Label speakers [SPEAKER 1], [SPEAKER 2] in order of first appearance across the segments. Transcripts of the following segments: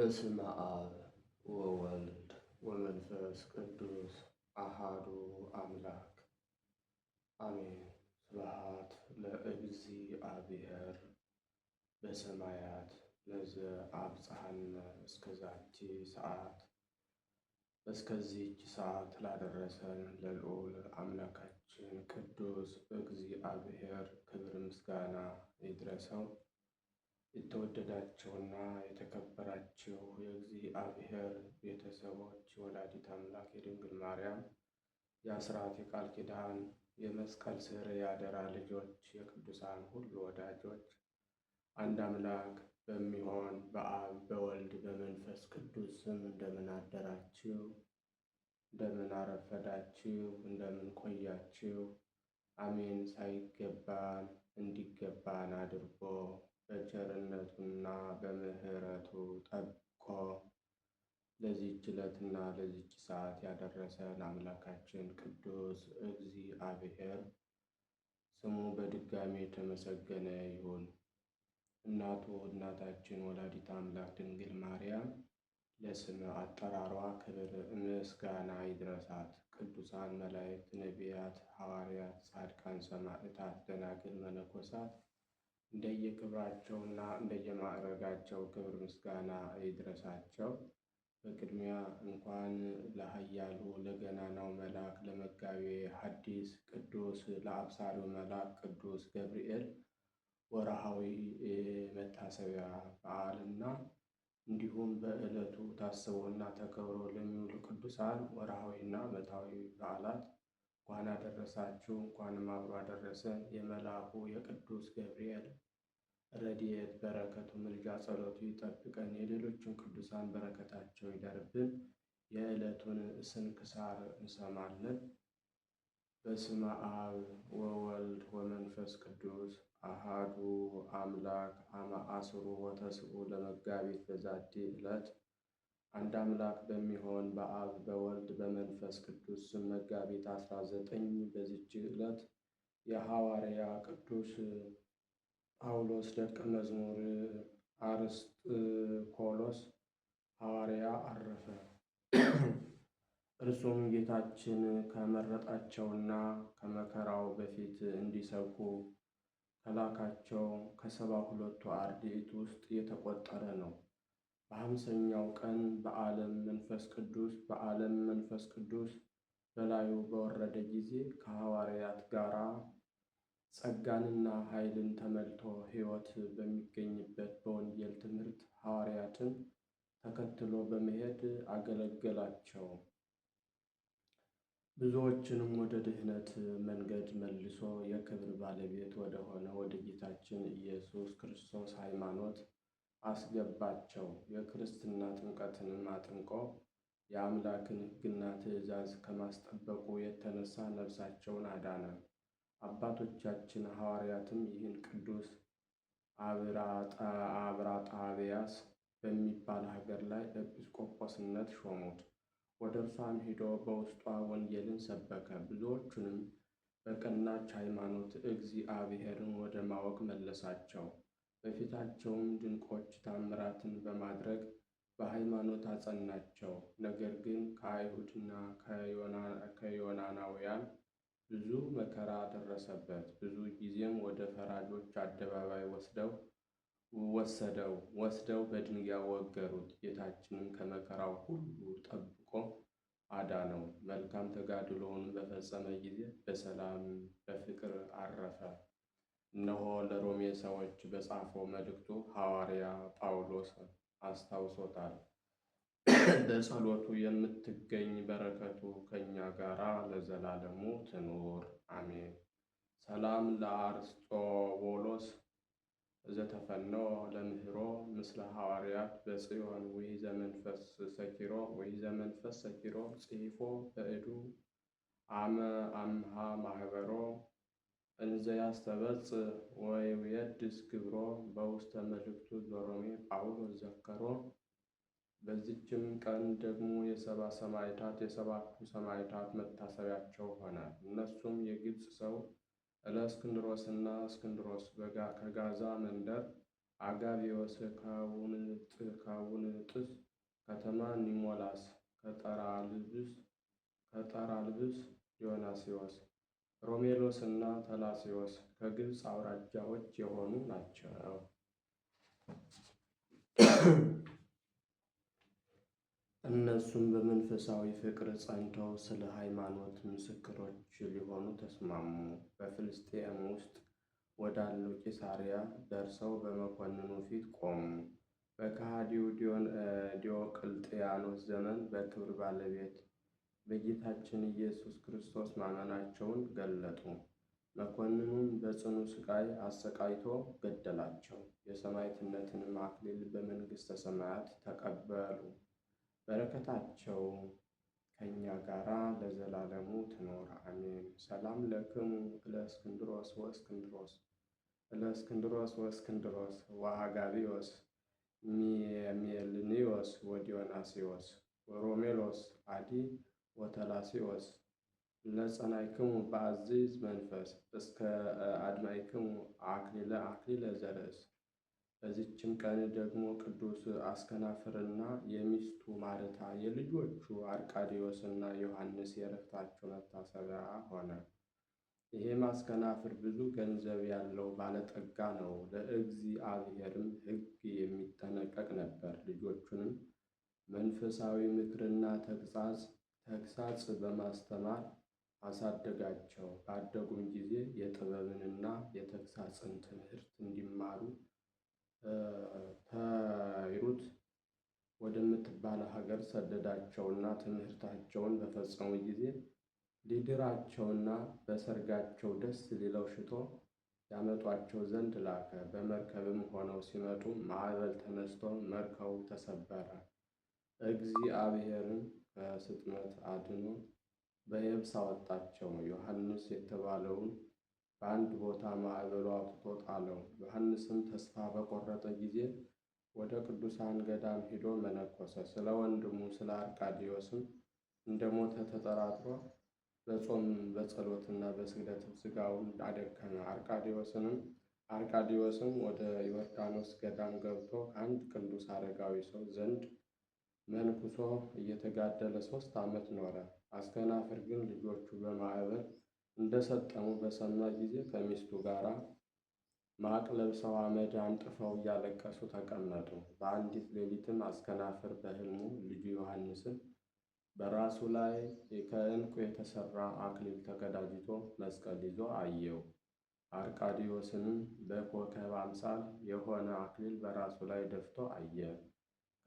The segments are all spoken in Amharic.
[SPEAKER 1] በስመ አብ ወወልድ
[SPEAKER 2] ወመንፈስ ቅዱስ አሃዱ አምላክ አሜን። ስብሐት ለእግዚአብሔር
[SPEAKER 1] በሰማያት ለዘ እስከ ዛቲ ሰዓት እስከዚች ሰዓት ላደረሰን ለልዑል አምላካችን ቅዱስ እግዚአብሔር ክብር ምስጋና ይድረሰው። የተወደዳችሁና የተከበራችሁ የእግዚአብሔር ቤተሰቦች የወላዲት አምላክ የድንግል ማርያም የአስራት የቃል ኪዳን የመስቀል ስር የአደራ ልጆች የቅዱሳን ሁሉ ወዳጆች አንድ አምላክ በሚሆን በአብ በወልድ በመንፈስ ቅዱስ ስም እንደምን አደራችሁ፣ እንደምን አረፈዳችሁ፣ እንደምን ቆያችሁ። አሜን። ሳይገባን እንዲገባን አድርጎ በቸርነቱና በምሕረቱ ጠብቆ ለዚች ዕለትና ለዚች ሰዓት ያደረሰን አምላካችን ቅዱስ እግዚአብሔር ስሙ በድጋሚ የተመሰገነ ይሁን። እናቱ እናታችን ወላዲት አምላክ ድንግል ማርያም ለስም አጠራሯ ክብር ምስጋና ይድረሳት። ቅዱሳን መላእክት፣ ነቢያት፣ ሐዋርያት፣ ጻድቃን፣ ሰማዕታት፣ ደናግል፣ መነኮሳት እንደየክብራቸውና እንደየማዕረጋቸው ክብር ምስጋና ይድረሳቸው። በቅድሚያ እንኳን ለኃያሉ ለገናናው መልአክ ለመጋቤ ሐዲስ ቅዱስ ለአብሳሪው መልአክ ቅዱስ ገብርኤል ወርሃዊ መታሰቢያ በዓልና እንዲሁም በዕለቱ ታስቦና ተከብሮ ለሚውሉ ቅዱሳን ወርሃዊና ዓመታዊ በዓላት እንኳን አደረሳችሁ እንኳንም አብሮ አደረሰን። የመልአኩ የቅዱስ ገብርኤል ረድኤት በረከቱ ምልጃ ጸሎቱ ይጠብቀን። የሌሎችን ቅዱሳን በረከታቸው ይደርብን። የዕለቱን ስንክሳር እንሰማለን። በስመ አብ ወወልድ ወመንፈስ ቅዱስ አሃዱ አምላክ አመ ዐሥሩ ወተስዑ ለመጋቢት በዛቲ ዕለት አንድ አምላክ በሚሆን በአብ በወልድ በመንፈስ ቅዱስ ስም መጋቢት 19 በዚች ዕለት የሐዋርያ ቅዱስ ጳውሎስ ደቀ መዝሙር አርስጥኮሎስ ሐዋርያ አረፈ። እርሱም ጌታችን ከመረጣቸውና ከመከራው በፊት እንዲሰብኩ ከላካቸው ከሰባ ሁለቱ አርድእት ውስጥ የተቆጠረ ነው። በሐምሳኛው ቀን በዓለም መንፈስ ቅዱስ በዓለም መንፈስ ቅዱስ በላዩ በወረደ ጊዜ ከሐዋርያት ጋር ጸጋንና ኃይልን ተመልቶ ሕይወት በሚገኝበት በወንጌል ትምህርት ሐዋርያትን ተከትሎ በመሄድ አገለገላቸው። ብዙዎችንም ወደ ድህነት መንገድ መልሶ የክብር ባለቤት ወደ ወደ ጌታችን ኢየሱስ ክርስቶስ ሃይማኖት አስገባቸው። የክርስትና ጥምቀትንም አጥምቆ የአምላክን ሕግና ትእዛዝ ከማስጠበቁ የተነሳ ነፍሳቸውን አዳነ። አባቶቻችን ሐዋርያትም ይህን ቅዱስ አብራጣብያስ በሚባል ሀገር ላይ ኤጲስቆጶስነት ሾሙት። ወደ እርሷም ሂዶ በውስጧ ወንጌልን ሰበከ። ብዙዎቹንም በቀናች ሃይማኖት እግዚአብሔርን ወደ ማወቅ መለሳቸው። በፊታቸውም ድንቆች ታምራትን በማድረግ በሃይማኖት አጸናቸው። ነገር ግን ከአይሁድና ከዮናናውያን ብዙ መከራ ደረሰበት። ብዙ ጊዜም ወደ ፈራጆች አደባባይ ወስደው ወሰደው ወስደው በድንጋይ ወገሩት። ጌታችንም ከመከራው ሁሉ ጠብቆ አዳነው። መልካም ተጋድሎውን በፈጸመ ጊዜ በሰላም በፍቅር አረፈ። እነሆ ለሮሜ ሰዎች በጻፈው መልእክቱ ሐዋርያ ጳውሎስ አስታውሶታል። በጸሎቱ የምትገኝ በረከቱ ከእኛ ጋር ለዘላለሙ ትኑር አሜን። ሰላም ለአርስጦቦሎስ ዘተፈኖ ለምህሮ ምስለ ሐዋርያት በጽዮን ወይ ዘመንፈስ ሰኪሮ ወይ ዘመንፈስ ሰኪሮ ጽሒፎ በእዱ አመ አምሃ ማህበሮ እንዘያስተበጽሕ የድስ ክብሮ በውስተ መልእክቱ በሮሜ ጳውሎስ ዘከሮ። በዚችም ቀን ደግሞ የሰባ ሰማዕታት የሰባቱ ሰማዕታት መታሰቢያቸው ሆነ። እነሱም የግብፅ ሰው እለእስክንድሮስና እስክንድሮስ ከጋዛ መንደር አጋቢዮስ ከውንጥስ ከተማ ኒሞላስ ከጠራልብስ ዮናስዮስ ሮሜሎስ እና ተላሲዮስ ከግብፅ አውራጃዎች የሆኑ ናቸው። እነሱም በመንፈሳዊ ፍቅር ጸንተው ስለ ሃይማኖት ምስክሮች ሊሆኑ ተስማሙ። በፍልስጤም ውስጥ ወዳለው ቂሳሪያ ደርሰው በመኮንኑ ፊት ቆሙ። በከሃዲው ዲዮቅልጥያኖስ ዘመን በክብር ባለቤት በጌታችን ኢየሱስ ክርስቶስ ማመናቸውን ገለጡ። መኮንኑም በጽኑ ስቃይ አሰቃይቶ ገደላቸው። የሰማይትነትን አክሊል በመንግሥተ ሰማያት ተቀበሉ። በረከታቸው ከእኛ ጋራ ለዘላለሙ ትኖር አሜን። ሰላም ለክሙ እለእስክንድሮስ ወእስክንድሮስ እለእስክንድሮስ ወእስክንድሮስ ወአጋቢዮስ ሚሜልኒዮስ ወዲዮናስዮስ ወሮሜሎስ አዲ ወተላሲዮስ ለጸናይክሙ በአዚዝ መንፈስ እስከ አድማይክሙ አክሊለ አክሊለ ዘርእስ። በዚችም ቀን ደግሞ ቅዱስ አስከናፍርና የሚስቱ ማርታ የልጆቹ አርቃዲዮስና ዮሐንስ የዕረፍታቸው መታሰቢያ ሆነ። ይህም አስከናፍር ብዙ ገንዘብ ያለው ባለጠጋ ነው። ለእግዚአብሔርም ሕግ የሚጠነቀቅ ነበር። ልጆቹንም መንፈሳዊ ምክርና ተግሣጽ ተግሳጽ በማስተማር አሳደጋቸው። ባደጉም ጊዜ የጥበብንና የተግሳጽን ትምህርት እንዲማሩ ተይሩት ወደምትባል ሀገር ሰደዳቸውና ትምህርታቸውን በፈጸሙ ጊዜ ሊድራቸውና በሰርጋቸው ደስ ሊለው ሽቶ ያመጧቸው ዘንድ ላከ። በመርከብም ሆነው ሲመጡ ማዕበል ተነስቶ መርከቡ ተሰበረ። እግዚአብሔርን በስጥመት አድኖ በየብስ አወጣቸው። ዮሐንስ የተባለውን በአንድ ቦታ ማዕበሉ አውጥቶ ጣለው። ዮሐንስም ተስፋ በቆረጠ ጊዜ ወደ ቅዱሳን ገዳም ሄዶ መነኮሰ። ስለ ወንድሙ ስለ አርቃዲዮስም እንደ ሞተ ተጠራጥሮ በጾም በጸሎትና በስግደት ስጋውን አደከመ። አርቃዲዮስንም አርቃዲዮስም ወደ ዮርዳኖስ ገዳም ገብቶ ከአንድ ቅዱስ አረጋዊ ሰው ዘንድ መንኩሶ እየተጋደለ ሶስት ዓመት ኖረ። አስከናፍር ግን ልጆቹ በማዕበል እንደሰጠሙ በሰማ ጊዜ ከሚስቱ ጋር ማቅ ለብሰው አመድ አንጥፈው እያለቀሱ ተቀመጡ። በአንዲት ሌሊትም አስከናፍር በህልሙ ልጁ ዮሐንስን በራሱ ላይ ከእንቁ የተሰራ አክሊል ተቀዳጅቶ መስቀል ይዞ አየው። አርቃዲዮስንም በኮከብ አምሳል የሆነ አክሊል በራሱ ላይ ደፍቶ አየ።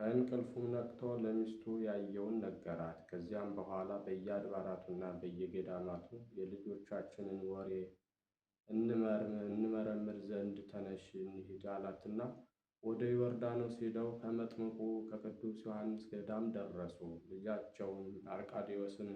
[SPEAKER 1] ከእንቅልፉም ነቅቶ ለሚስቱ ያየውን ነገራት። ከዚያም በኋላ በየአድባራቱና በየገዳማቱ የልጆቻችንን ወሬ እንመረምር ዘንድ ተነሽ እንሂድ አላትና ወደ ዮርዳኖስ ሄደው ከመጥምቁ ከቅዱስ ዮሐንስ ገዳም ደረሱ። ልጃቸውን አርቃዴዎስን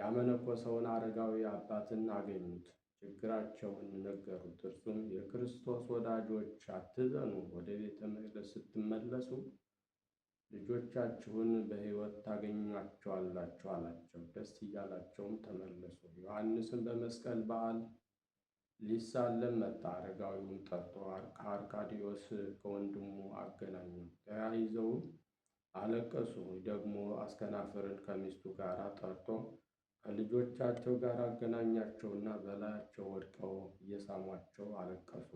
[SPEAKER 1] ያመነኮሰውን አረጋዊ አባትን አገኙት። ችግራቸውን ነገሩት። እርሱም የክርስቶስ ወዳጆች አትዘኑ፣ ወደ ቤተ መቅደስ ስትመለሱ ልጆቻችሁን በሕይወት ታገኟቸዋላችሁ አላቸው። ደስ እያላቸውም ተመለሱ። ዮሐንስን በመስቀል በዓል ሊሳለም መጣ። አረጋዊውን ጠርቶ ከአርካዲዮስ ከወንድሙ አገናኙ። ተያይዘው አለቀሱ። ደግሞ አስከናፍርን ከሚስቱ ጋር ጠርቶ ከልጆቻቸው ጋር አገናኛቸውና በላያቸው ወድቀው እየሳሟቸው አለቀሱ።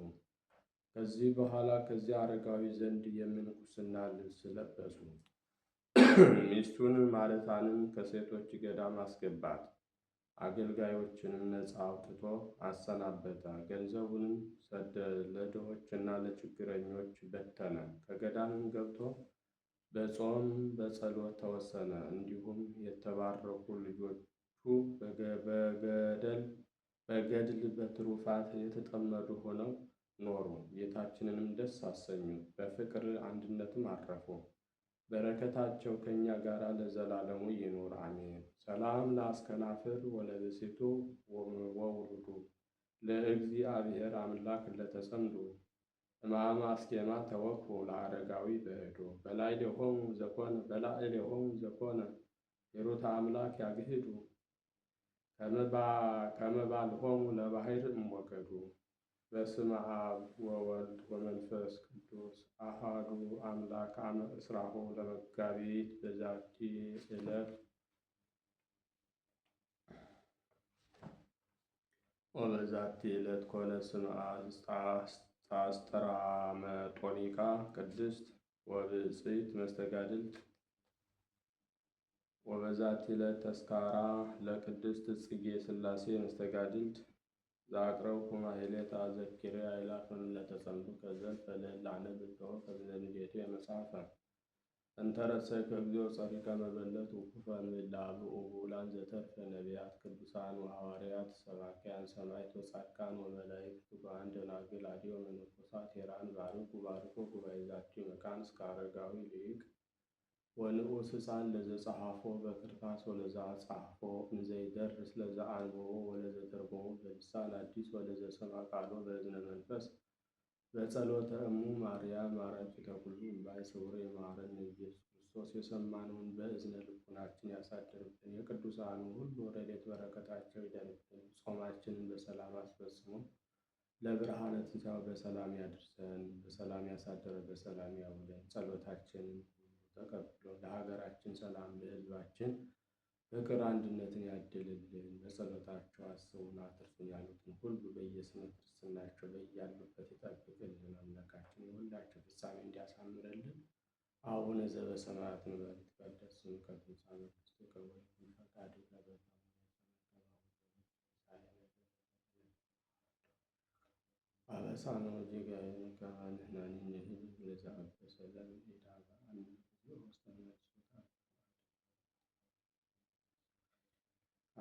[SPEAKER 1] ከዚህ በኋላ ከዚያ አረጋዊ ዘንድ የምንኩስና ልብስ ለበሱ። ሚስቱን ማለታንም ከሴቶች ገዳም አስገባት። አገልጋዮችንም ነፃ አውጥቶ አሰናበተ። ገንዘቡንም ሰደ ለድሆችና ለችግረኞች በተነ። ከገዳምም ገብቶ በጾም በጸሎት ተወሰነ። እንዲሁም የተባረኩ ልጆቹ በገደል በገድል በትሩፋት የተጠመዱ ሆነው ኖሩ። ጌታችንንም ደስ አሰኙ በፍቅር አንድነትም አረፉ። በረከታቸው ከእኛ ጋር ለዘላለሙ ይኑር አሜን። ሰላም ለአስከናፍር ወለብሲቱ ወውሉዱ ለእግዚአብሔር አምላክ ለተሰምዱ እማማ አስኬማ ተወክፎ ለአረጋዊ በእዶ በላይ ሆሙ ዘኮነ በላይ ሆሙ ዘኮነ የሩት አምላክ ያግህዱ ከመባል ሆሙ ለባህር እሞገዱ በስመ አብ ወወልድ ወመንፈስ ቅዱስ አሃዱ አምላክ አመ እስራሆ ለመጋቢት በዛቲ ዕለት ወበዛቲ ዕለት ኮነ ስምዓ ጻስተራመጦኒቃ ቅድስት ወብፅዕት መስተጋድል ወበዛቲ ዕለት ተስካራ ለቅድስት ጽጌ ስላሴ መስተጋድልት ذاكركم ኃይሌተ አዘኪሬ አእላፍ ለተሰንብት ከዘልፈ ለዕለ ብእሲሁ ከዝነ ንዴቱ የመጽሐፈ እንተ ረሰይከ እግዚኦ ጸፊከ መበለት ውኩፈ እምእለ አብኡ ብኡላን ዘተርፈ ነቢያት ቅዱሳን ወሐዋርያት ሰባኪያን ሰማዕት ወጻድቃን ወመላእክት ትጉሃን ደናግል አድዮ መነኮሳት ሄራን ባርኩ ባርኩ ጉባኤ ዛቲ መካን እስከ አረጋዊ ልሂቅ ወንዑስ ሕፃን ለዘጸሐፎ በክርታስ ወለዛ ጸሐፎ ንዘይደር ይደርስ ለዛ አንብቦ ወለዘ ተርጎሞ በልሳን አዲስ ወለዘ ቃሎ በእዝነ መንፈስ በጸሎተ እሙ ማርያም ማረፊተ ተኩሉ እምባይ ስውር የማረን ኢየሱስ ክርስቶስ የሰማነውን በእዝነ ልቡናችን ያሳድርብን። የቅዱሳኑ ሁሉ ረድኤት በረከታቸው ይደርብን። ጾማችንን በሰላም አስፈጽሞ ለብርሃነ ትንሣኤው በሰላም ያድርሰን። በሰላም ያሳደረ በሰላም ያውለን። ጸሎታችንን ተቀብሎ ለሀገራችን ሰላም፣ ለህዝባችን ፍቅር፣ አንድነትን ያድልልን። በጸሎታቸው አስቡን አትርሱን ያሉትን ሁሉ በየስመ ክርስትናቸው በያሉበት ይጠብቅልን። አምላካችን የሁላቸው ፍጻሜ እንዲያሳምርልን። አቡነ ዘበሰማያት ይትቀደስ ስምከ ትምጻእ መንግስትከ ወይኩን ፈቃድከ በከመ አበሳነ ወጌጋየነ ከማልህናኒ ንህብ ለዘአበሰ በአንድ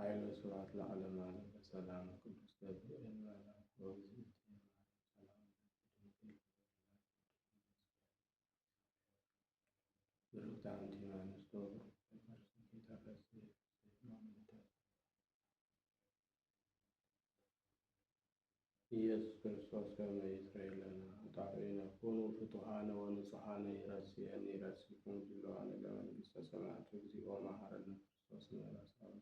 [SPEAKER 1] ఆయన సువార్ల అలమాల సలాం కుటుంబ దుర్గతాం జీవానుస్తో ኢየሱስ ክርስቶስ ከመ ይትረየለና ፈጣሪነ ኩኑ ፍቱሃነ ወንጹሃነ ይረስየን ይረስይኩም ድለዋነ ለመንግስተ ሰማያት እግዚኦ መሐረነ ክርስቶስ መላሳዊ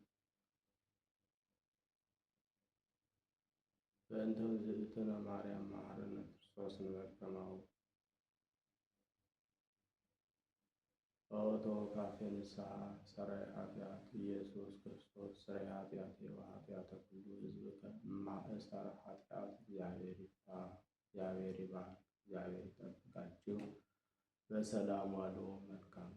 [SPEAKER 1] በእንተ ውእትነ ማርያም መሐረነ ክርስቶስ መልከማው ኦቶ ካፌ ንስሐ ሰራይ ኃጢአት ኢየሱስ ክርስቶስ ሰራይ ኃጢአት ወኃጢአተ ኩሉ ህዝብ ማእሰር ኃጢአት እግዚአብሔር ይፍታ እግዚአብሔር ይባርክ። እግዚአብሔር ይጠብቃችሁ። በሰላም ዋሉ። መልካም